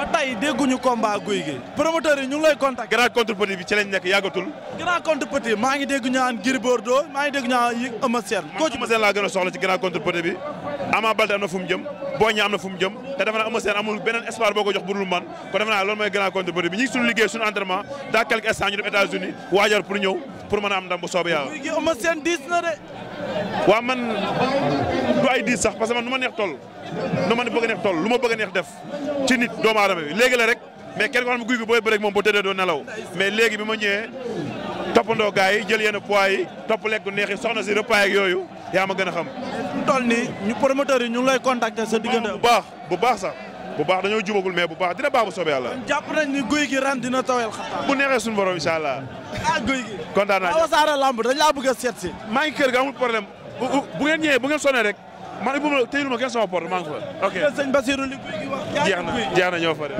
ba tey dégguñu guy gi promoteur yi ñu lay contact grand contre bi ci nekk yàggatul grand contre petit maa ngi dégg ñaan Gris Bordeaux maa ngi dégg ñaan yi laa gën a soxla ci bi Ama Baldé am na fu jëm Boy Niang am na fu jëm te dafa naa Eumeu amul beneen espoir boo ko jox man ko dafa naa loolu mooy grand contre bi ñu ngi liggéey suñu entraînement dans quelques instants ñu dem États-Unis waajal pour ñëw pour waa man du ay sax parce que man nu ma neex toll nu ma bëgg a neex toll lu ma bëgg a neex def ci nit doomu aadama yi léegi la rek mais kenn ko xam ne guy gi booy bëreeg moom bu tëddee doo nelaw mais léegi bi ma ñëwee toppandoo gars yi jël yenn poids topp lekk gu neex yi soxna si repas yooyu yaa ma gën a xam. toll nii ñu promoteurs yi ñu ngi lay contacter sa diggante bu baax bu baax sax. bu baax dañoo jubagul mais bu baax dina baax bu soobee yàlla. kon jàpp nañ ni guy gi ren dina tawel xataa. bu neexee suñu borom incha allah. ah guy gi. kontaan naa Wassare Lamb dañ laa bëgg a seet si. maa ngi kër ga amul problème bu ngeen ñëwee bu ngeen sonné rek man bu ma téyeluma kenn sama porte maa ngi fa. ok sëñ Basirou li guy gi wax. jeex na